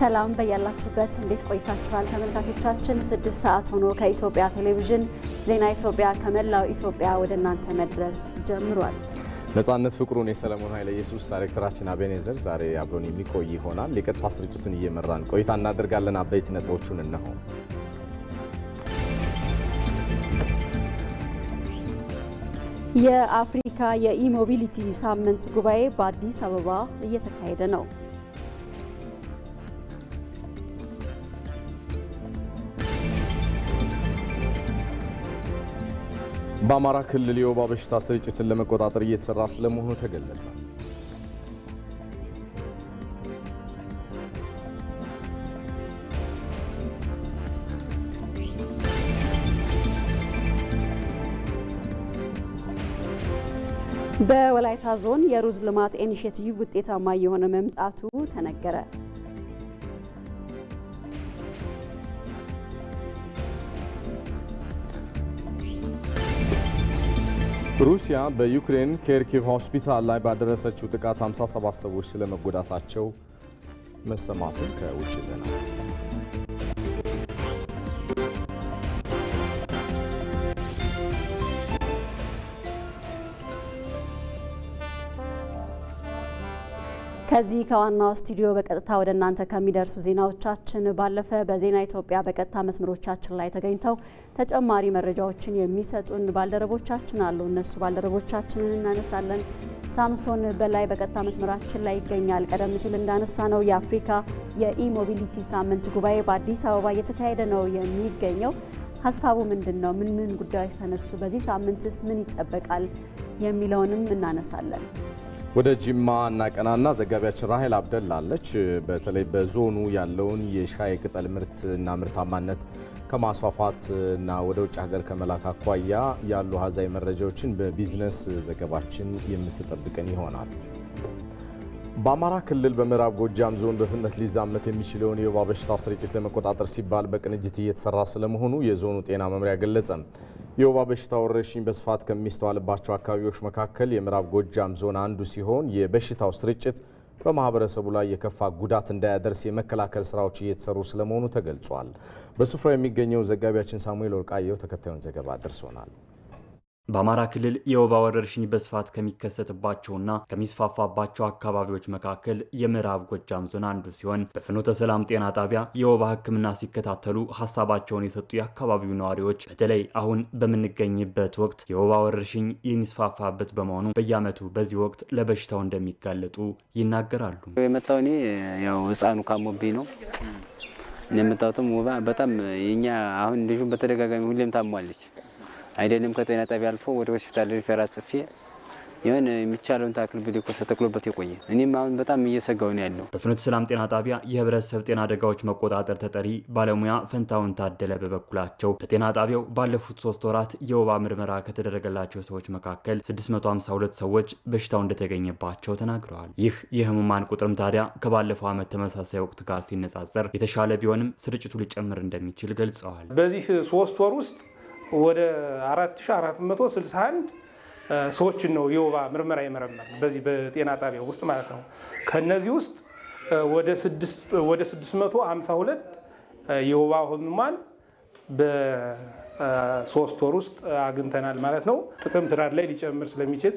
ሰላም በያላችሁበት እንዴት ቆይታችኋል? ተመልካቾቻችን ስድስት ሰዓት ሆኖ ከኢትዮጵያ ቴሌቪዥን ዜና ኢትዮጵያ ከመላው ኢትዮጵያ ወደ እናንተ መድረስ ጀምሯል። ነጻነት ፍቅሩን የሰለሞን ኃይለ ኢየሱስ ዳይሬክተራችን አቤኔዘር ዛሬ አብሮን የሚቆይ ይሆናል። የቀጥታ ስርጭቱን እየመራን ቆይታ እናደርጋለን። አበይት ነጥቦቹን እነሆ። የአፍሪካ የኢሞቢሊቲ ሳምንት ጉባኤ በአዲስ አበባ እየተካሄደ ነው። በአማራ ክልል የወባ በሽታ ስርጭትን ለመቆጣጠር እየተሰራ ስለመሆኑ ተገለጸ። በወላይታ ዞን የሩዝ ልማት ኢኒሽቲቭ ውጤታማ የሆነ መምጣቱ ተነገረ። ሩሲያ በዩክሬን ኬርኪቭ ሆስፒታል ላይ ባደረሰችው ጥቃት 57 ሰዎች ስለመጎዳታቸው መሰማቱን ከውጭ ዜና ከዚህ ከዋናው ስቱዲዮ በቀጥታ ወደ እናንተ ከሚደርሱ ዜናዎቻችን ባለፈ በዜና ኢትዮጵያ በቀጥታ መስመሮቻችን ላይ ተገኝተው ተጨማሪ መረጃዎችን የሚሰጡን ባልደረቦቻችን አሉ። እነሱ ባልደረቦቻችንን እናነሳለን። ሳምሶን በላይ በቀጥታ መስመራችን ላይ ይገኛል። ቀደም ሲል እንዳነሳ ነው የአፍሪካ የኢሞቢሊቲ ሳምንት ጉባኤ በአዲስ አበባ እየተካሄደ ነው የሚገኘው። ሀሳቡ ምንድን ነው? ምን ምን ጉዳዮች ተነሱ? በዚህ ሳምንትስ ምን ይጠበቃል? የሚለውንም እናነሳለን። ወደ ጅማ እናቀናና ዘጋቢያችን ራሄል አብደል አለች። በተለይ በዞኑ ያለውን የሻይ ቅጠል ምርት እና ምርታማነት ከማስፋፋት እና ወደ ውጭ ሀገር ከመላክ አኳያ ያሉ ሀዛይ መረጃዎችን በቢዝነስ ዘገባችን የምትጠብቀን ይሆናል። በአማራ ክልል በምዕራብ ጎጃም ዞን በፍጥነት ሊዛመት የሚችለውን የወባ በሽታ ስርጭት ለመቆጣጠር ሲባል በቅንጅት እየተሰራ ስለመሆኑ የዞኑ ጤና መምሪያ ገለጸ። የወባ በሽታ ወረርሽኝ በስፋት ከሚስተዋልባቸው አካባቢዎች መካከል የምዕራብ ጎጃም ዞን አንዱ ሲሆን የበሽታው ስርጭት በማህበረሰቡ ላይ የከፋ ጉዳት እንዳያደርስ የመከላከል ስራዎች እየተሰሩ ስለመሆኑ ተገልጿል። በስፍራው የሚገኘው ዘጋቢያችን ሳሙኤል ወርቃየው ተከታዩን ዘገባ ደርሶናል። በአማራ ክልል የወባ ወረርሽኝ በስፋት ከሚከሰትባቸውና ከሚስፋፋባቸው አካባቢዎች መካከል የምዕራብ ጎጃም ዞን አንዱ ሲሆን በፍኖተ ሰላም ጤና ጣቢያ የወባ ሕክምና ሲከታተሉ ሀሳባቸውን የሰጡ የአካባቢው ነዋሪዎች በተለይ አሁን በምንገኝበት ወቅት የወባ ወረርሽኝ የሚስፋፋበት በመሆኑ በየዓመቱ በዚህ ወቅት ለበሽታው እንደሚጋለጡ ይናገራሉ። የመጣው እኔ ያው ህፃኑ ካሞብኝ ነው የመጣሁትም ወባ በጣም የኛ አሁን ልጁ በተደጋጋሚ ሁሌም ታሟለች። አይደለም ከጤና ጣቢያ አልፎ ወደ ሆስፒታል ሪፈር ጽፌ ይህን የሚቻለውን ታክል ግሉኮስ ተተክሎበት የቆየ እኔም አሁን በጣም እየሰጋው ነው ያለው። በፍኖተ ሰላም ጤና ጣቢያ የህብረተሰብ ጤና አደጋዎች መቆጣጠር ተጠሪ ባለሙያ ፈንታውን ታደለ በበኩላቸው በጤና ጣቢያው ባለፉት ሶስት ወራት የወባ ምርመራ ከተደረገላቸው ሰዎች መካከል 652 ሰዎች በሽታው እንደተገኘባቸው ተናግረዋል። ይህ የህሙማን ቁጥርም ታዲያ ከባለፈው ዓመት ተመሳሳይ ወቅት ጋር ሲነጻጸር የተሻለ ቢሆንም ስርጭቱ ሊጨምር እንደሚችል ገልጸዋል። በዚህ ሶስት ወር ውስጥ ወደ 4461 ሰዎችን ነው የወባ ምርመራ የመረመር በዚህ በጤና ጣቢያ ውስጥ ማለት ነው። ከነዚህ ውስጥ ወደ 652 የወባ ህሙማን በሶስት ወር ውስጥ አግኝተናል ማለት ነው። ጥቅምት ዳር ላይ ሊጨምር ስለሚችል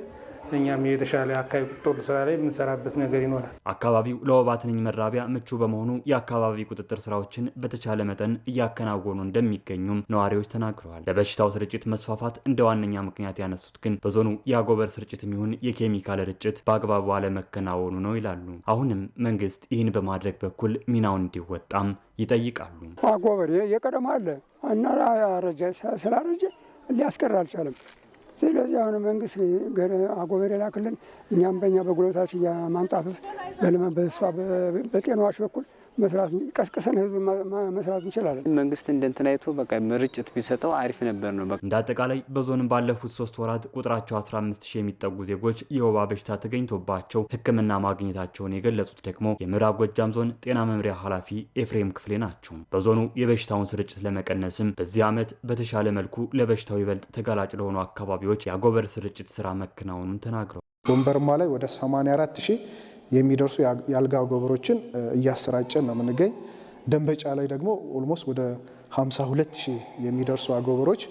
እኛም የተሻለ አካባቢ ቁጥጥር ስራ ላይ የምንሰራበት ነገር ይኖራል። አካባቢው ለወባ ትንኝ መራቢያ ምቹ በመሆኑ የአካባቢ ቁጥጥር ስራዎችን በተቻለ መጠን እያከናወኑ እንደሚገኙም ነዋሪዎች ተናግረዋል። ለበሽታው ስርጭት መስፋፋት እንደ ዋነኛ ምክንያት ያነሱት ግን በዞኑ የአጎበር ስርጭት የሚሆን የኬሚካል ርጭት በአግባቡ አለመከናወኑ ነው ይላሉ። አሁንም መንግስት ይህን በማድረግ በኩል ሚናውን እንዲወጣም ይጠይቃሉ። አጎበር የቀደም አለ እና ስላረጀ ሊያስቀር አልቻለም። ስለዚህ አሁን መንግስት አጎበር ላክልን እኛም በእኛ በጉልበታችን ማምጣት በልማ በእሷ በኩል መስራት ቀስቅሰን ህዝብ መስራት እንችላለን። መንግስት እንደንትን አይቶ በቃ ርጭት ቢሰጠው አሪፍ ነበር ነው። እንደ አጠቃላይ በዞንም ባለፉት ሶስት ወራት ቁጥራቸው 15 ሺህ የሚጠጉ ዜጎች የወባ በሽታ ተገኝቶባቸው ሕክምና ማግኘታቸውን የገለጹት ደግሞ የምዕራብ ጎጃም ዞን ጤና መምሪያ ኃላፊ ኤፍሬም ክፍሌ ናቸው። በዞኑ የበሽታውን ስርጭት ለመቀነስም በዚህ ዓመት በተሻለ መልኩ ለበሽታው ይበልጥ ተጋላጭ ለሆኑ አካባቢዎች የአጎበር ስርጭት ስራ መከናወኑን ተናግረዋል። ወንበርማ ላይ ወደ 84 ሺህ የሚደርሱ የአልጋ ጎበሮችን እያሰራጨን ነው የምንገኝ። ደንበጫ ላይ ደግሞ ኦልሞስት ወደ 52 ሺህ የሚደርሱ አጎበሮች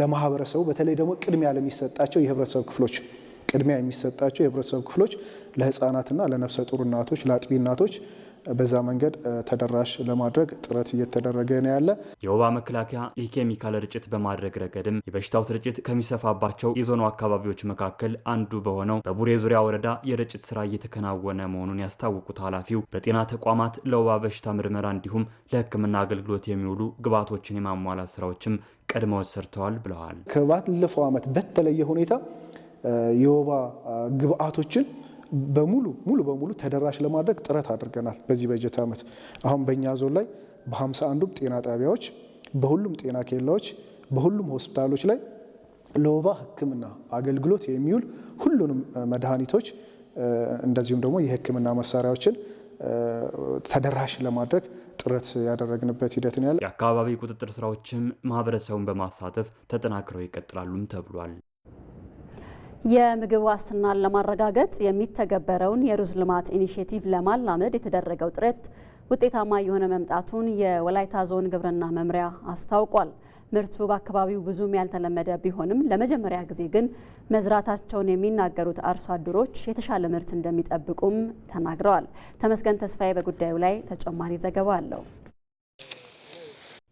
ለማህበረሰቡ በተለይ ደግሞ ቅድሚያ ለሚሰጣቸው የህብረተሰብ ክፍሎች ቅድሚያ የሚሰጣቸው የህብረተሰብ ክፍሎች ለህፃናትና ለነፍሰ ጡር እናቶች፣ ለአጥቢ እናቶች በዛ መንገድ ተደራሽ ለማድረግ ጥረት እየተደረገ ነው ያለ። የወባ መከላከያ የኬሚካል ርጭት በማድረግ ረገድም የበሽታው ስርጭት ከሚሰፋባቸው የዞኑ አካባቢዎች መካከል አንዱ በሆነው በቡሬ ዙሪያ ወረዳ የርጭት ስራ እየተከናወነ መሆኑን ያስታወቁት ኃላፊው በጤና ተቋማት ለወባ በሽታ ምርመራ እንዲሁም ለሕክምና አገልግሎት የሚውሉ ግብዓቶችን የማሟላት ስራዎችም ቀድመው ሰርተዋል ብለዋል። ከባለፈው ዓመት በተለየ ሁኔታ የወባ ግብዓቶችን በሙሉ ሙሉ በሙሉ ተደራሽ ለማድረግ ጥረት አድርገናል። በዚህ በጀት ዓመት አሁን በእኛ ዞን ላይ በሀምሳ አንዱም ጤና ጣቢያዎች፣ በሁሉም ጤና ኬላዎች፣ በሁሉም ሆስፒታሎች ላይ ለወባ ሕክምና አገልግሎት የሚውል ሁሉንም መድኃኒቶች እንደዚሁም ደግሞ የሕክምና መሳሪያዎችን ተደራሽ ለማድረግ ጥረት ያደረግንበት ሂደት ነው ያለ። የአካባቢ ቁጥጥር ስራዎችም ማህበረሰቡን በማሳተፍ ተጠናክረው ይቀጥላሉም ተብሏል። የምግብ ዋስትናን ለማረጋገጥ የሚተገበረውን የሩዝ ልማት ኢኒሽቲቭ ለማላመድ የተደረገው ጥረት ውጤታማ የሆነ መምጣቱን የወላይታ ዞን ግብርና መምሪያ አስታውቋል። ምርቱ በአካባቢው ብዙም ያልተለመደ ቢሆንም ለመጀመሪያ ጊዜ ግን መዝራታቸውን የሚናገሩት አርሶ አደሮች የተሻለ ምርት እንደሚጠብቁም ተናግረዋል። ተመስገን ተስፋዬ በጉዳዩ ላይ ተጨማሪ ዘገባ አለው።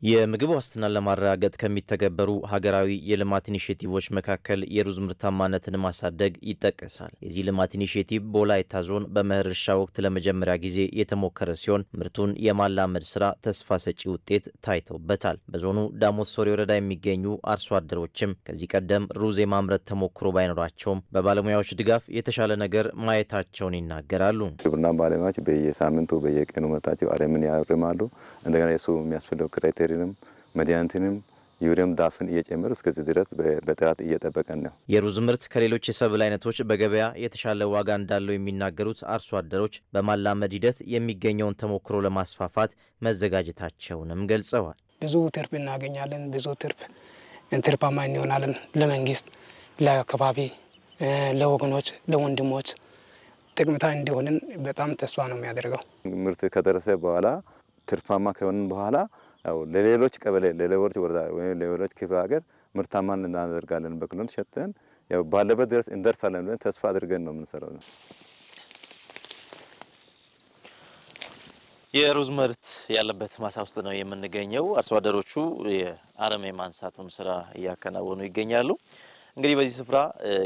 የምግብ ዋስትናን ለማረጋገጥ ከሚተገበሩ ሀገራዊ የልማት ኢኒሽቲቮች መካከል የሩዝ ምርታማነትን ማሳደግ ይጠቀሳል። የዚህ ልማት ኢኒሽቲቭ በወላይታ ዞን በመኸር እርሻ ወቅት ለመጀመሪያ ጊዜ የተሞከረ ሲሆን ምርቱን የማላመድ ስራ ተስፋ ሰጪ ውጤት ታይቶበታል። በዞኑ ዳሞት ሶሪ ወረዳ የሚገኙ አርሶ አደሮችም ከዚህ ቀደም ሩዝ የማምረት ተሞክሮ ባይኖራቸውም በባለሙያዎች ድጋፍ የተሻለ ነገር ማየታቸውን ይናገራሉ። ግብርና ባለሙያዎች በየሳምንቱ በየቀኑ መታቸው አረምን ያርማሉ። እንደገና የሱ የሚያስፈልገው ፌሪንም መድኃኒትንም ዩሪያም ዳፍን እየጨመሩ እስከዚህ ድረስ በጥራት እየጠበቀን ነው። የሩዝ ምርት ከሌሎች የሰብል አይነቶች በገበያ የተሻለ ዋጋ እንዳለው የሚናገሩት አርሶ አደሮች በማላመድ ሂደት የሚገኘውን ተሞክሮ ለማስፋፋት መዘጋጀታቸውንም ገልጸዋል። ብዙ ትርፍ እናገኛለን፣ ብዙ ትርፍ ትርፋማ እንሆናለን። ለመንግስት፣ ለአካባቢ፣ ለወገኖች፣ ለወንድሞች ጥቅምታ እንዲሆንን በጣም ተስፋ ነው የሚያደርገው ምርት ከደረሰ በኋላ ትርፋማ ከሆንን በኋላ ለሌሎች ቀበሌ ለሌሎች ወረዳ ወይም ለሌሎች ክፍለ ሀገር ምርታማን እናደርጋለን። በክሎን ሸጥተን ያው ባለበት ድረስ እንደርሳለን ብለን ተስፋ አድርገን ነው የምንሰራው ነው። የሩዝ ምርት ያለበት ማሳ ውስጥ ነው የምንገኘው። አርሶ አደሮቹ የአረም የማንሳቱን ስራ እያከናወኑ ይገኛሉ። እንግዲህ በዚህ ስፍራ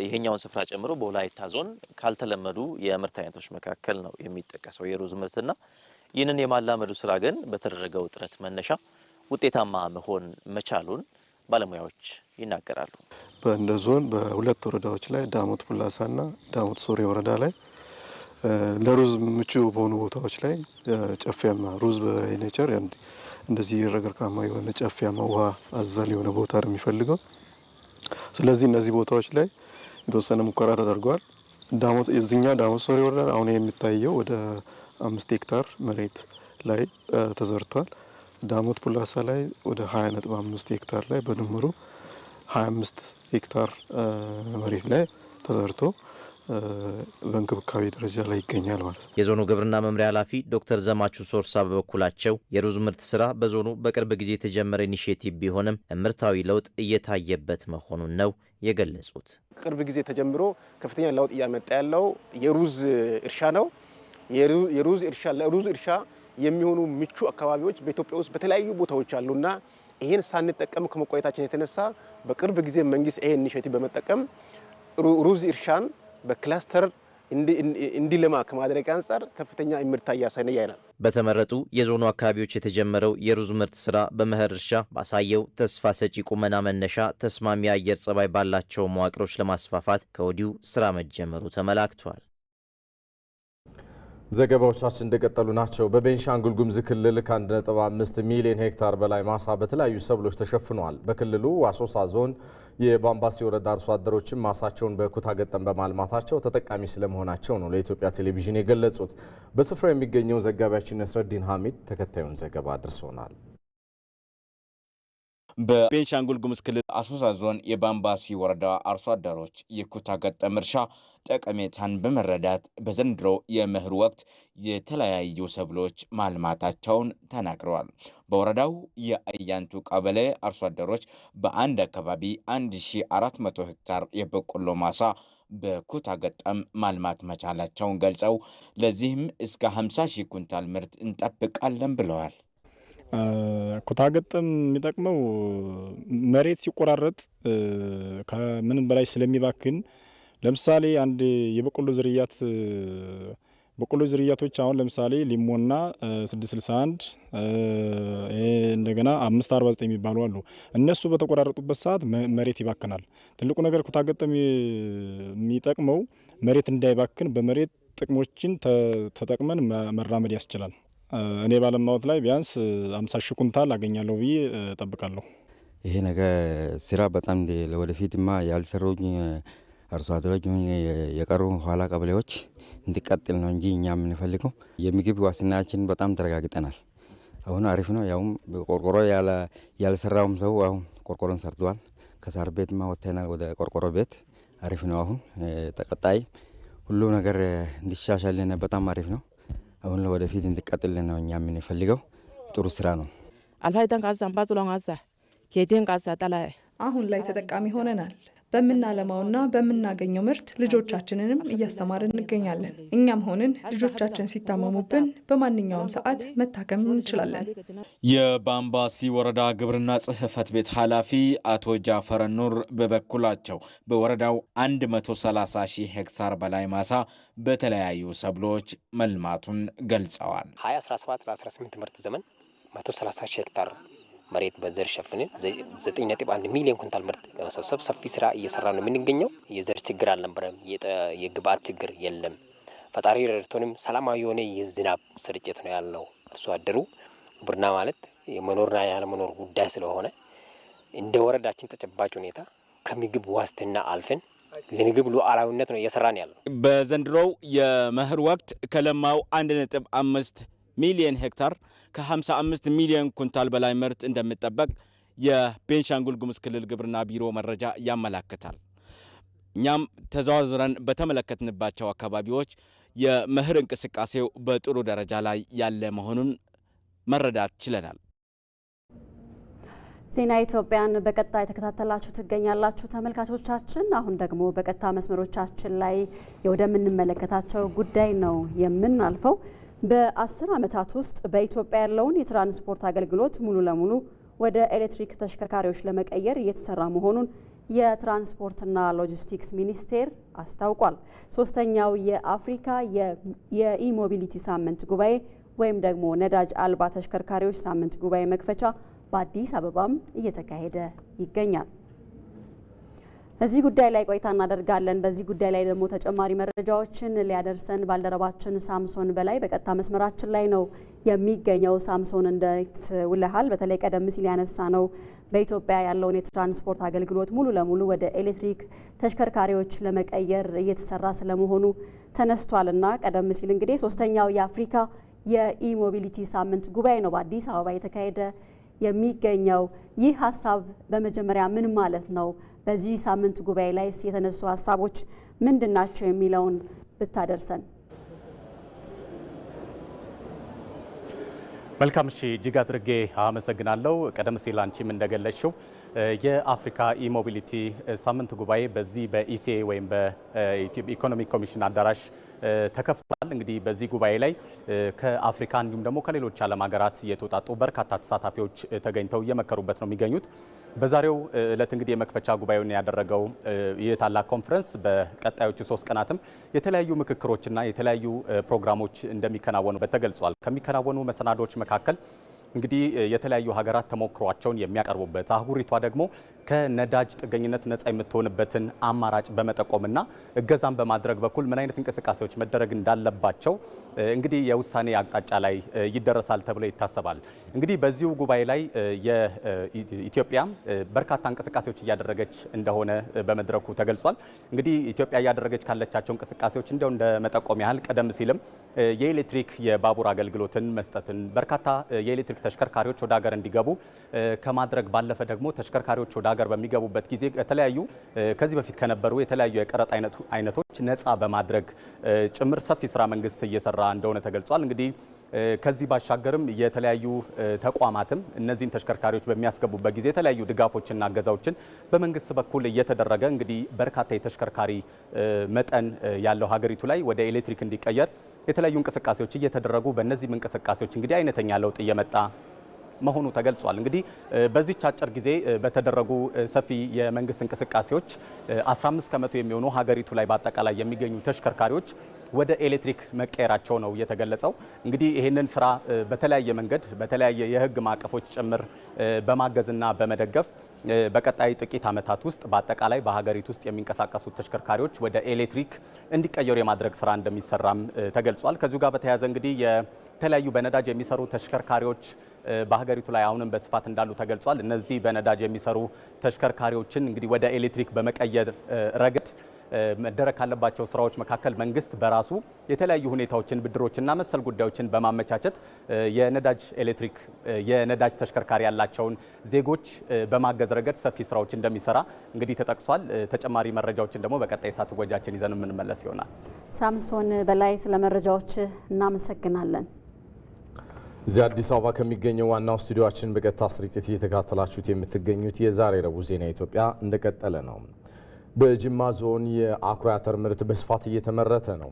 ይሄኛውን ስፍራ ጨምሮ በወላይታ ዞን ካልተለመዱ የምርት አይነቶች መካከል ነው የሚጠቀሰው የሩዝ ምርትና ይህንን የማላመዱ ስራ ግን በተደረገው ጥረት መነሻ ውጤታማ መሆን መቻሉን ባለሙያዎች ይናገራሉ። በእንደ ዞን በሁለት ወረዳዎች ላይ ዳሞት ቡላሳና ዳሞት ሶሬ ወረዳ ላይ ለሩዝ ምቹ በሆኑ ቦታዎች ላይ ጨፊያማ ሩዝ በኔቸር እንደዚህ ረግረጋማ የሆነ ጨፊያማ ውሃ አዘል የሆነ ቦታ ነው የሚፈልገው። ስለዚህ እነዚህ ቦታዎች ላይ የተወሰነ ሙከራ ተደርጓል። ዳሞት እዚኛ ዳሞት ሶሬ ወረዳ አሁን የሚታየው ወደ አምስት ሄክታር መሬት ላይ ተዘርቷል። ዳሞት ፑላሳ ላይ ወደ አምስት ሄክታር ላይ በድምሩ አምስት ሄክታር መሬት ላይ ተዘርቶ በእንክብካቤ ደረጃ ላይ ይገኛል ማለት ነው። የዞኑ ግብርና መምሪያ ኃላፊ ዶክተር ዘማቹ ሶርሳ በበኩላቸው የሩዝ ምርት ስራ በዞኑ በቅርብ ጊዜ የተጀመረ ኢኒሽቲቭ ቢሆንም ምርታዊ ለውጥ እየታየበት መሆኑን ነው የገለጹት። ቅርብ ጊዜ ተጀምሮ ከፍተኛ ለውጥ እያመጣ ያለው የሩዝ እርሻ ነው። የሩዝ እርሻ ለሩዝ እርሻ የሚሆኑ ምቹ አካባቢዎች በኢትዮጵያ ውስጥ በተለያዩ ቦታዎች አሉና ይሄን ሳንጠቀም ከመቆየታችን የተነሳ በቅርብ ጊዜ መንግስት ይሄን ኢኒሼቲቭ በመጠቀም ሩዝ እርሻን በክላስተር እንዲለማ ከማድረግ አንጻር ከፍተኛ ምርታ እያሳየ ያይናል። በተመረጡ የዞኑ አካባቢዎች የተጀመረው የሩዝ ምርት ስራ በመኸር እርሻ ባሳየው ተስፋ ሰጪ ቁመና መነሻ ተስማሚ አየር ጸባይ ባላቸው መዋቅሮች ለማስፋፋት ከወዲሁ ስራ መጀመሩ ተመላክቷል። ዘገባዎቻችን እንደቀጠሉ ናቸው። በቤንሻንጉል ጉሙዝ ክልል ከ1.5 ሚሊዮን ሄክታር በላይ ማሳ በተለያዩ ሰብሎች ተሸፍኗል። በክልሉ አሶሳ ዞን የባምባሲ ወረዳ አርሶ አደሮችም ማሳቸውን በኩታ ገጠም በማልማታቸው ተጠቃሚ ስለመሆናቸው ነው ለኢትዮጵያ ቴሌቪዥን የገለጹት። በስፍራው የሚገኘው ዘጋቢያችን ነስረዲን ሀሚድ ተከታዩን ዘገባ አድርሶናል። በቤንሻንጉል ጉሙዝ ክልል አሶሳ ዞን የባምባሲ ወረዳ አርሶ አደሮች የኩታ ገጠም እርሻ ጠቀሜታን በመረዳት በዘንድሮ የመኸር ወቅት የተለያዩ ሰብሎች ማልማታቸውን ተናግረዋል። በወረዳው የአያንቱ ቀበሌ አርሶ አደሮች በአንድ አካባቢ 1400 ሄክታር የበቆሎ ማሳ በኩታ ገጠም ማልማት መቻላቸውን ገልጸው ለዚህም እስከ 50 ሺህ ኩንታል ምርት እንጠብቃለን ብለዋል። ኩታገጠም የሚጠቅመው መሬት ሲቆራረጥ ከምንም በላይ ስለሚባክን፣ ለምሳሌ አንድ የበቆሎ ዝርያት በቆሎ ዝርያቶች አሁን ለምሳሌ ሊሞና 661 እንደገና 549 የሚባሉ አሉ። እነሱ በተቆራረጡበት ሰዓት መሬት ይባክናል። ትልቁ ነገር ኩታገጠም የሚጠቅመው መሬት እንዳይባክን በመሬት ጥቅሞችን ተጠቅመን መራመድ ያስችላል። እኔ ባለማወት ላይ ቢያንስ አምሳ ሺ ኩንታል አገኛለሁ ብዬ ጠብቃለሁ። ይሄ ነገር ስራ በጣም ለወደፊትማ ያልሰሩኝ አርሶ አደሮች የቀሩ ኋላ ቀበሌዎች እንዲቀጥል ነው እንጂ እኛ የምንፈልገው የምግብ ዋስትናችን በጣም ተረጋግጠናል። አሁን አሪፍ ነው። ያውም ቆርቆሮ ያልሰራውም ሰው አሁን ቆርቆሮን ሰርተዋል። ከሳር ቤት ማ ወጥተናል ወደ ቆርቆሮ ቤት። አሪፍ ነው። አሁን ተቀጣይ ሁሉ ነገር እንዲሻሻልን በጣም አሪፍ ነው። አሁን ለወደፊት እንድቀጥል ነው እኛ የምንፈልገው። ጥሩ ስራ ነው። አልፋይተን ቃዛ አምባጽሎን ቃዛ ኬቴን ካዛ ጠላ አሁን ላይ ተጠቃሚ ሆነናል። በምናለማውና በምናገኘው ምርት ልጆቻችንንም እያስተማርን እንገኛለን። እኛም ሆንን ልጆቻችን ሲታመሙብን በማንኛውም ሰዓት መታከም እንችላለን። የባምባሲ ወረዳ ግብርና ጽሕፈት ቤት ኃላፊ አቶ ጃፈረ ኑር በበኩላቸው በወረዳው 130 ሺህ ሄክታር በላይ ማሳ በተለያዩ ሰብሎች መልማቱን ገልጸዋል። 2017/18 ምርት ዘመን 130 ሺህ ሄክታር መሬት በዘር ሸፍንን 9.1 ሚሊዮን ኩንታል ምርት ለመሰብሰብ ሰፊ ስራ እየሰራ ነው የምንገኘው። የዘር ችግር አልነበረም። የግብአት ችግር የለም። ፈጣሪ ረድቶንም ሰላማዊ የሆነ የዝናብ ስርጭት ነው ያለው። እርሱ አደሩ ቡርና ማለት የመኖርና ያለመኖር ጉዳይ ስለሆነ እንደ ወረዳችን ተጨባጭ ሁኔታ ከምግብ ዋስትና አልፈን ለምግብ ሉዓላዊነት ነው እየሰራን ያለው። በዘንድሮው የመኸር ወቅት ከለማው አምስት ሚሊዮን ሄክታር ከ55 ሚሊዮን ኩንታል በላይ ምርት እንደሚጠበቅ የቤንሻንጉል ጉሙዝ ክልል ግብርና ቢሮ መረጃ ያመላክታል። እኛም ተዘዋዝረን በተመለከትንባቸው አካባቢዎች የመኸር እንቅስቃሴው በጥሩ ደረጃ ላይ ያለ መሆኑን መረዳት ችለናል። ዜና ኢትዮጵያን በቀጥታ የተከታተላችሁ ትገኛላችሁ ተመልካቾቻችን። አሁን ደግሞ በቀጥታ መስመሮቻችን ላይ ወደምንመለከታቸው ጉዳይ ነው የምናልፈው። በአስር ዓመታት ውስጥ በኢትዮጵያ ያለውን የትራንስፖርት አገልግሎት ሙሉ ለሙሉ ወደ ኤሌክትሪክ ተሽከርካሪዎች ለመቀየር እየተሰራ መሆኑን የትራንስፖርትና ሎጂስቲክስ ሚኒስቴር አስታውቋል። ሶስተኛው የአፍሪካ የኢሞቢሊቲ ሳምንት ጉባኤ ወይም ደግሞ ነዳጅ አልባ ተሽከርካሪዎች ሳምንት ጉባኤ መክፈቻ በአዲስ አበባም እየተካሄደ ይገኛል። እዚህ ጉዳይ ላይ ቆይታ እናደርጋለን። በዚህ ጉዳይ ላይ ደግሞ ተጨማሪ መረጃዎችን ሊያደርሰን ባልደረባችን ሳምሶን በላይ በቀጥታ መስመራችን ላይ ነው የሚገኘው። ሳምሶን እንዴት ውለሃል? በተለይ ቀደም ሲል ያነሳ ነው በኢትዮጵያ ያለውን የትራንስፖርት አገልግሎት ሙሉ ለሙሉ ወደ ኤሌክትሪክ ተሽከርካሪዎች ለመቀየር እየተሰራ ስለመሆኑ ተነስቷልና ቀደም ሲል እንግዲህ ሶስተኛው የአፍሪካ የኢሞቢሊቲ ሳምንት ጉባኤ ነው በአዲስ አበባ የተካሄደ የሚገኘው ይህ ሀሳብ በመጀመሪያ ምን ማለት ነው? በዚህ ሳምንት ጉባኤ ላይ የተነሱ ሀሳቦች ምንድን ናቸው የሚለውን ብታደርሰን። መልካም እሺ፣ እጅግ አድርጌ አመሰግናለሁ። ቀደም ሲል አንቺም እንደገለሽው የአፍሪካ ኢሞቢሊቲ ሳምንት ጉባኤ በዚህ በኢሲኤ ወይም በኢኮኖሚክ ኮሚሽን አዳራሽ ተከፍቷል። እንግዲህ በዚህ ጉባኤ ላይ ከአፍሪካ እንዲሁም ደግሞ ከሌሎች ዓለም ሀገራት የተውጣጡ በርካታ ተሳታፊዎች ተገኝተው እየመከሩበት ነው የሚገኙት። በዛሬው እለት እንግዲህ የመክፈቻ ጉባኤውን ያደረገው ይህ ታላቅ ኮንፈረንስ በቀጣዮቹ ሶስት ቀናትም የተለያዩ ምክክሮችና የተለያዩ ፕሮግራሞች እንደሚከናወኑበት ተገልጿል። ከሚከናወኑ መሰናዶዎች መካከል እንግዲህ የተለያዩ ሀገራት ተሞክሯቸውን የሚያቀርቡበት አህጉሪቷ ደግሞ ከነዳጅ ጥገኝነት ነጻ የምትሆንበትን አማራጭ በመጠቆምና እገዛን በማድረግ በኩል ምን አይነት እንቅስቃሴዎች መደረግ እንዳለባቸው እንግዲህ የውሳኔ አቅጣጫ ላይ ይደረሳል ተብሎ ይታሰባል። እንግዲህ በዚሁ ጉባኤ ላይ ኢትዮጵያ በርካታ እንቅስቃሴዎች እያደረገች እንደሆነ በመድረኩ ተገልጿል። እንግዲህ ኢትዮጵያ እያደረገች ካለቻቸው እንቅስቃሴዎች እንደው እንደመጠቆም ያህል ቀደም ሲልም የኤሌክትሪክ የባቡር አገልግሎትን መስጠትን፣ በርካታ የኤሌክትሪክ ተሽከርካሪዎች ወደ ሀገር እንዲገቡ ከማድረግ ባለፈ ደግሞ ተሽከርካሪዎች ወደ ሀገር በሚገቡበት ጊዜ የተለያዩ ከዚህ በፊት ከነበሩ የተለያዩ የቀረጥ አይነቶች ነጻ በማድረግ ጭምር ሰፊ ስራ መንግስት እየሰራ እንደሆነ ተገልጿል። እንግዲህ ከዚህ ባሻገርም የተለያዩ ተቋማትም እነዚህን ተሽከርካሪዎች በሚያስገቡበት ጊዜ የተለያዩ ድጋፎችና እገዛዎችን በመንግስት በኩል እየተደረገ እንግዲህ በርካታ የተሽከርካሪ መጠን ያለው ሀገሪቱ ላይ ወደ ኤሌክትሪክ እንዲቀየር የተለያዩ እንቅስቃሴዎች እየተደረጉ በእነዚህም እንቅስቃሴዎች እንግዲህ አይነተኛ ለውጥ እየመጣ መሆኑ ተገልጿል። እንግዲህ በዚች አጭር ጊዜ በተደረጉ ሰፊ የመንግስት እንቅስቃሴዎች 15 ከመቶ የሚሆኑ ሀገሪቱ ላይ በአጠቃላይ የሚገኙ ተሽከርካሪዎች ወደ ኤሌክትሪክ መቀየራቸው ነው የተገለጸው። እንግዲህ ይህንን ስራ በተለያየ መንገድ በተለያየ የህግ ማዕቀፎች ጭምር በማገዝና በመደገፍ በቀጣይ ጥቂት ዓመታት ውስጥ በአጠቃላይ በሀገሪቱ ውስጥ የሚንቀሳቀሱ ተሽከርካሪዎች ወደ ኤሌክትሪክ እንዲቀየሩ የማድረግ ስራ እንደሚሰራም ተገልጿል። ከዚሁ ጋር በተያያዘ እንግዲህ የተለያዩ በነዳጅ የሚሰሩ ተሽከርካሪዎች በሀገሪቱ ላይ አሁንም በስፋት እንዳሉ ተገልጿል። እነዚህ በነዳጅ የሚሰሩ ተሽከርካሪዎችን እንግዲህ ወደ ኤሌክትሪክ በመቀየር ረገድ መደረግ ካለባቸው ስራዎች መካከል መንግስት በራሱ የተለያዩ ሁኔታዎችን ብድሮችና መሰል ጉዳዮችን በማመቻቸት የነዳጅ ኤሌክትሪክ የነዳጅ ተሽከርካሪ ያላቸውን ዜጎች በማገዝ ረገድ ሰፊ ስራዎች እንደሚሰራ እንግዲህ ተጠቅሷል። ተጨማሪ መረጃዎችን ደግሞ በቀጣይ ሰዓት ጎጃችን ይዘን የምንመለስ ይሆናል። ሳምሶን በላይ ስለ መረጃዎች እናመሰግናለን። እዚህ አዲስ አበባ ከሚገኘው ዋናው ስቱዲዮችን በቀጥታ ስርጭት እየተከታተላችሁት የምትገኙት የዛሬ ረቡዕ ዜና ኢትዮጵያ እንደቀጠለ ነው። በጅማ ዞን የአኩሪ አተር ምርት በስፋት እየተመረተ ነው።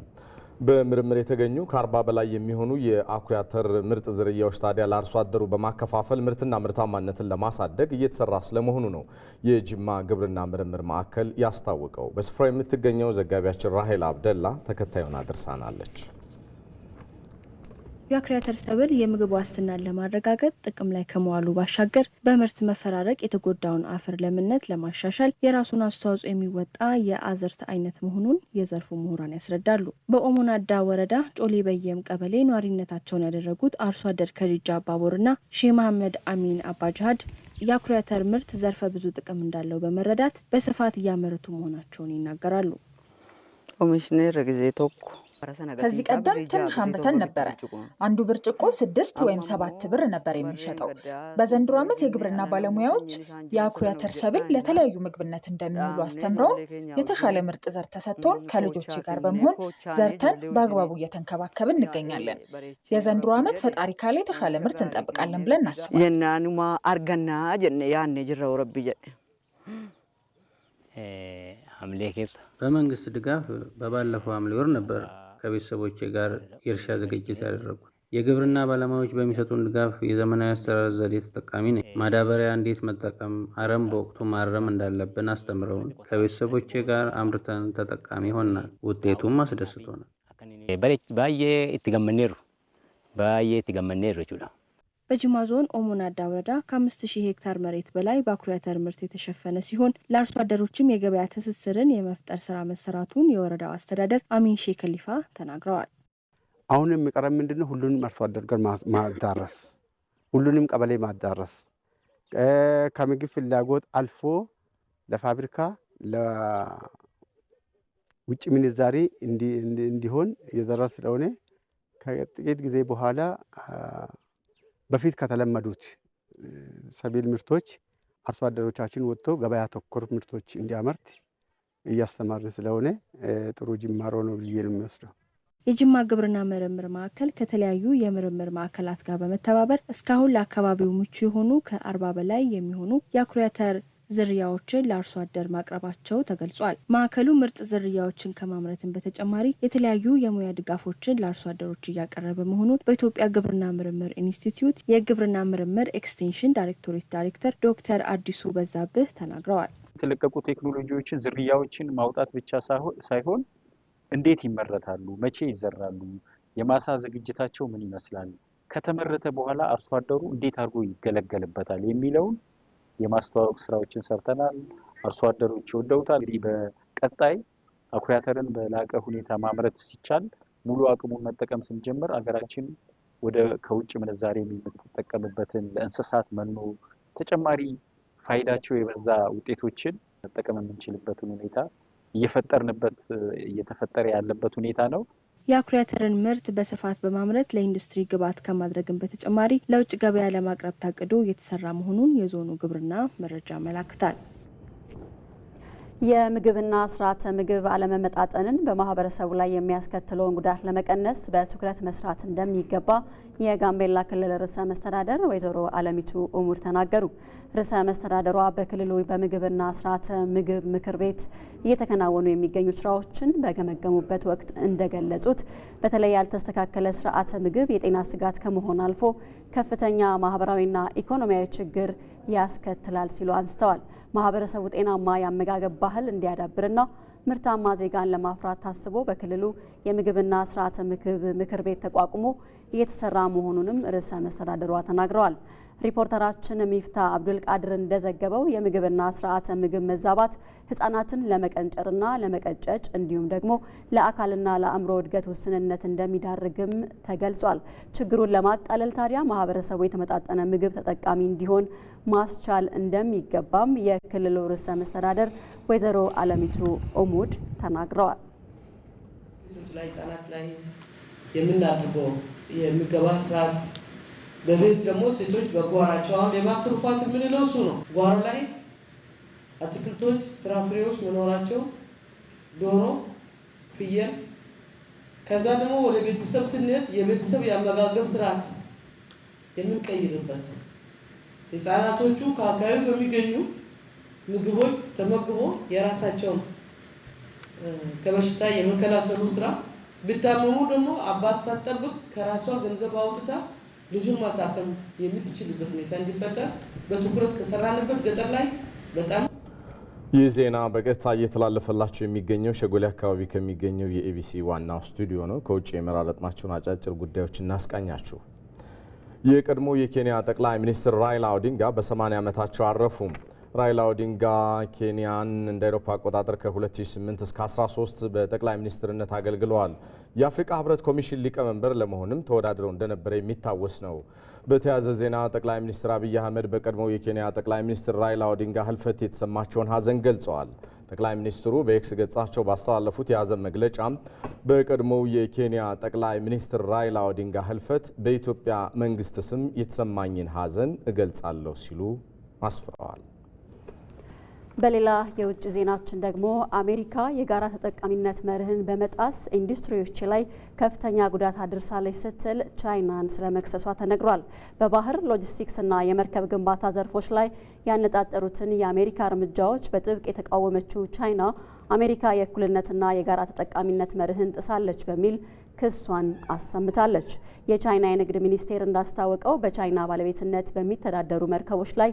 በምርምር የተገኙ ከ በላይ የሚሆኑ የአኩሪ አተር ምርጥ ዝርያዎች ታዲያ ለአርሶ አደሩ በማከፋፈል ምርትና ምርታማነትን ለማሳደግ እየተሰራ ስለመሆኑ ነው የጅማ ግብርና ምርምር ማዕከል ያስታወቀው። በስፍራው የምትገኘው ዘጋቢያችን ራሄል አብደላ ተከታዩን አድርሳናለች። የአኩሪአተር ሰብል የምግብ ዋስትናን ለማረጋገጥ ጥቅም ላይ ከመዋሉ ባሻገር በምርት መፈራረቅ የተጎዳውን አፈር ለምነት ለማሻሻል የራሱን አስተዋጽኦ የሚወጣ የአዝርት አይነት መሆኑን የዘርፉ ምሁራን ያስረዳሉ። በኦሞናዳ ወረዳ ጮሌ በየም ቀበሌ ነዋሪነታቸውን ያደረጉት አርሶ አደር ከድጃ አባቦርና ሼህ መሐመድ አሚን አባጅሃድ የአኩሪአተር ምርት ዘርፈ ብዙ ጥቅም እንዳለው በመረዳት በስፋት እያመረቱ መሆናቸውን ይናገራሉ። ኮሚሽነር ጊዜ ቶኩ ከዚህ ቀደም ትንሽ አምርተን ነበረ። አንዱ ብርጭቆ ስድስት ወይም ሰባት ብር ነበር የሚሸጠው። በዘንድሮ ዓመት የግብርና ባለሙያዎች የአኩሪ አተር ሰብል ለተለያዩ ምግብነት እንደሚውሉ አስተምረውን የተሻለ ምርጥ ዘር ተሰጥቶን ከልጆች ጋር በመሆን ዘርተን በአግባቡ እየተንከባከብን እንገኛለን። የዘንድሮ ዓመት ፈጣሪ ካለ የተሻለ ምርት እንጠብቃለን ብለን እናስባለን። የናኑማ አርገና ጀነ ያኔ ጅራው ረቢ ሐምሌ ኬሳ በመንግስት ድጋፍ በባለፈው ሐምሌ ወር ነበር ከቤተሰቦቼ ጋር የእርሻ ዝግጅት ያደረጉት። የግብርና ባለሙያዎች በሚሰጡን ድጋፍ የዘመናዊ አስተራረስ ዘዴ ተጠቃሚ ነኝ። ማዳበሪያ እንዴት መጠቀም፣ አረም በወቅቱ ማረም እንዳለብን አስተምረውን ከቤተሰቦቼ ጋር አምርተን ተጠቃሚ ሆናል። ውጤቱም አስደስቶናል። ባየ ትገመኔሩ ባየ ትገመኔሩ በጅማ ዞን ኦሞናዳ ወረዳ ከ5000 ሄክታር መሬት በላይ በአኩሪ አተር ምርት የተሸፈነ ሲሆን ለአርሶ አደሮችም የገበያ ትስስርን የመፍጠር ስራ መሰራቱን የወረዳው አስተዳደር አሚን ሼህ ከሊፋ ተናግረዋል። አሁን የሚቀረ ምንድን ነው? ሁሉንም አርሶ አደር ጋር ማዳረስ፣ ሁሉንም ቀበሌ ማዳረስ ከምግብ ፍላጎት አልፎ ለፋብሪካ ለውጭ ምንዛሪ እንዲሆን የደረስ ስለሆነ ከጥቂት ጊዜ በኋላ በፊት ከተለመዱት ሰብል ምርቶች አርሶ አደሮቻችን ወጥቶ ገበያ ተኮር ምርቶች እንዲያመርት እያስተማርን ስለሆነ ጥሩ ጅማሮ ነው ብዬ ነው የሚወስደው። የጅማ ግብርና ምርምር ማዕከል ከተለያዩ የምርምር ማዕከላት ጋር በመተባበር እስካሁን ለአካባቢው ምቹ የሆኑ ከአርባ በላይ የሚሆኑ የአኩሪ አተር ዝርያዎችን ለአርሶ አደር ማቅረባቸው ተገልጿል። ማዕከሉ ምርጥ ዝርያዎችን ከማምረትን በተጨማሪ የተለያዩ የሙያ ድጋፎችን ለአርሶ አደሮች እያቀረበ መሆኑን በኢትዮጵያ ግብርና ምርምር ኢንስቲትዩት የግብርና ምርምር ኤክስቴንሽን ዳይሬክቶሬት ዳይሬክተር ዶክተር አዲሱ በዛብህ ተናግረዋል። የተለቀቁ ቴክኖሎጂዎችን ዝርያዎችን ማውጣት ብቻ ሳይሆን እንዴት ይመረታሉ፣ መቼ ይዘራሉ፣ የማሳ ዝግጅታቸው ምን ይመስላል ከተመረተ በኋላ አርሶ አደሩ እንዴት አድርጎ ይገለገልበታል የሚለውን የማስተዋወቅ ስራዎችን ሰርተናል። አርሶ አደሮች ይወደውታል። እንግዲህ በቀጣይ አኩሪ አተርን በላቀ ሁኔታ ማምረት ሲቻል ሙሉ አቅሙን መጠቀም ስንጀምር አገራችን ወደ ከውጭ ምንዛሬ የምትጠቀምበትን ለእንስሳት መኖ ተጨማሪ ፋይዳቸው የበዛ ውጤቶችን መጠቀም የምንችልበትን ሁኔታ እየፈጠርንበት እየተፈጠረ ያለበት ሁኔታ ነው። የአኩሪ አተርን ምርት በስፋት በማምረት ለኢንዱስትሪ ግብዓት ከማድረግን በተጨማሪ ለውጭ ገበያ ለማቅረብ ታቅዶ የተሰራ መሆኑን የዞኑ ግብርና መረጃ ያመላክታል። የምግብና ስርዓተ ምግብ አለመመጣጠንን በማህበረሰቡ ላይ የሚያስከትለውን ጉዳት ለመቀነስ በትኩረት መስራት እንደሚገባ የጋምቤላ ክልል ርዕሰ መስተዳደር ወይዘሮ አለሚቱ እሙር ተናገሩ። ርዕሰ መስተዳደሯ በክልሉ በምግብና ስርዓተ ምግብ ምክር ቤት እየተከናወኑ የሚገኙ ስራዎችን በገመገሙበት ወቅት እንደገለጹት በተለይ ያልተስተካከለ ስርዓተ ምግብ የጤና ስጋት ከመሆን አልፎ ከፍተኛ ማህበራዊና ኢኮኖሚያዊ ችግር ያስከትላል ሲሉ አንስተዋል። ማህበረሰቡ ጤናማ የአመጋገብ ባህል እንዲያዳብርና ምርታማ ዜጋን ለማፍራት ታስቦ በክልሉ የምግብና ስርዓተ ምግብ ምክር ቤት ተቋቁሞ እየተሰራ መሆኑንም ርዕሰ መስተዳደሯ ተናግረዋል። ሪፖርተራችን ሚፍታ ቃድር እንደዘገበው የምግብና ስርዓተ ምግብ መዛባት ህጻናትን ለመቀንጨርና ለመቀጨጭ እንዲሁም ደግሞ ለአካልና ለአእምሮ እድገት ውስንነት እንደሚዳርግም ተገልጿል። ችግሩን ለማቃለል ታዲያ ማህበረሰቡ የተመጣጠነ ምግብ ተጠቃሚ እንዲሆን ማስቻል እንደሚገባም የክልሉ ርዕሰ መስተዳደር ወይዘሮ አለሚቱ ኦሙድ ተናግረዋል። ላይ ህጻናት ላይ የምናድርገው የምገባ ስርዓት በቤት ደግሞ ሴቶች በጓሯቸው አሁን የእባብ ትሩፋት የምንለው እሱ ነው። ጓሮ ላይ አትክልቶች፣ ፍራፍሬዎች መኖራቸው ዶሮ፣ ፍየል ከዛ ደግሞ ወደ ቤተሰብ ስንሄድ የቤተሰብ የአመጋገብ ስርዓት የምንቀይርበት ህፃናቶቹ ከአካባቢ በሚገኙ ምግቦች ተመግቦ የራሳቸውን ከበሽታ የመከላከሉ ስራ ብታመሙ ደግሞ አባት ሳትጠብቅ ከራሷ ገንዘብ አውጥታ ልጁን ማሳተም የምትችልበት ሁኔታ እንዲፈጠር በትኩረት ከሰራንበት ገጠር ላይ በጣም ይህ ዜና በቀጥታ እየተላለፈላቸው የሚገኘው ሸጎሌ አካባቢ ከሚገኘው የኤቢሲ ዋናው ስቱዲዮ ነው። ከውጭ የመራረጥናቸውን አጫጭር ጉዳዮች እናስቃኛችሁ። የቀድሞ የኬንያ ጠቅላይ ሚኒስትር ራይላ ኦዲንጋ በ80 ዓመታቸው አረፉ። ራይላ ኦዲንጋ ኬንያን እንደ አውሮፓ አቆጣጠር ከ2008 እስከ 13 በጠቅላይ ሚኒስትርነት አገልግለዋል። የአፍሪካ ህብረት ኮሚሽን ሊቀመንበር ለመሆንም ተወዳድረው እንደነበረ የሚታወስ ነው። በተያያዘ ዜና ጠቅላይ ሚኒስትር አብይ አህመድ በቀድሞው የኬንያ ጠቅላይ ሚኒስትር ራይላ ኦዲንጋ ህልፈት የተሰማቸውን ሀዘን ገልጸዋል። ጠቅላይ ሚኒስትሩ በኤክስ ገጻቸው ባስተላለፉት የሀዘን መግለጫ በቀድሞው የኬንያ ጠቅላይ ሚኒስትር ራይላ ኦዲንጋ ህልፈት በኢትዮጵያ መንግስት ስም የተሰማኝን ሀዘን እገልጻለሁ ሲሉ አስፍረዋል። በሌላ የውጭ ዜናችን ደግሞ አሜሪካ የጋራ ተጠቃሚነት መርህን በመጣስ ኢንዱስትሪዎች ላይ ከፍተኛ ጉዳት አድርሳለች ስትል ቻይናን ስለ መክሰሷ ተነግሯል። በባህር ሎጂስቲክስና የመርከብ ግንባታ ዘርፎች ላይ ያነጣጠሩትን የአሜሪካ እርምጃዎች በጥብቅ የተቃወመችው ቻይና አሜሪካ የእኩልነትና የጋራ ተጠቃሚነት መርህን ጥሳለች በሚል ክሷን አሰምታለች። የቻይና የንግድ ሚኒስቴር እንዳስታወቀው በቻይና ባለቤትነት በሚተዳደሩ መርከቦች ላይ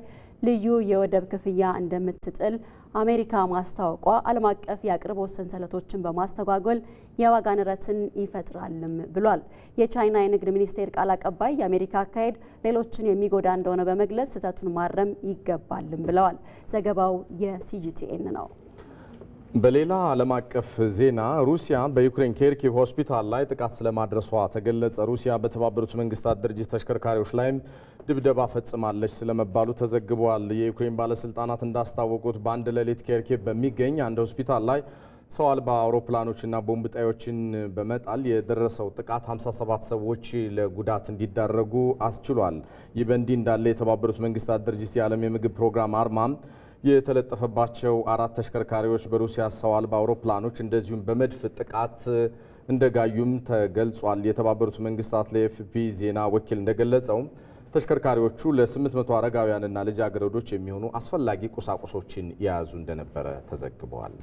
ልዩ የወደብ ክፍያ እንደምትጥል አሜሪካ ማስታወቋ ዓለም አቀፍ የአቅርቦት ሰንሰለቶችን በማስተጓጎል የዋጋ ንረትን ይፈጥራልም ብሏል። የቻይና የንግድ ሚኒስቴር ቃል አቀባይ የአሜሪካ አካሄድ ሌሎችን የሚጎዳ እንደሆነ በመግለጽ ስህተቱን ማረም ይገባልም ብለዋል። ዘገባው የሲጂቲኤን ነው። በሌላ ዓለም አቀፍ ዜና ሩሲያ በዩክሬን ኬርኪቭ ሆስፒታል ላይ ጥቃት ስለማድረሷ ተገለጸ። ሩሲያ በተባበሩት መንግስታት ድርጅት ተሽከርካሪዎች ላይም ድብደባ ፈጽማለች ስለመባሉ ተዘግቧል። የዩክሬን ባለስልጣናት እንዳስታወቁት በአንድ ሌሊት ኬርኪቭ በሚገኝ አንድ ሆስፒታል ላይ ሰው አልባ አውሮፕላኖችና ቦምብ ጣዮችን በመጣል የደረሰው ጥቃት 57 ሰዎች ለጉዳት እንዲዳረጉ አስችሏል። ይህ በእንዲህ እንዳለ የተባበሩት መንግስታት ድርጅት የዓለም የምግብ ፕሮግራም አርማም የተለጠፈባቸው አራት ተሽከርካሪዎች በሩሲያ ሰው አልባ አውሮፕላኖች እንደዚሁም በመድፍ ጥቃት እንደጋዩም ተገልጿል። የተባበሩት መንግስታት ለኤፍፒ ዜና ወኪል እንደገለጸው ተሽከርካሪዎቹ ለ800 አረጋውያንና ልጃገረዶች የሚሆኑ አስፈላጊ ቁሳቁሶችን የያዙ እንደነበረ ተዘግበዋል።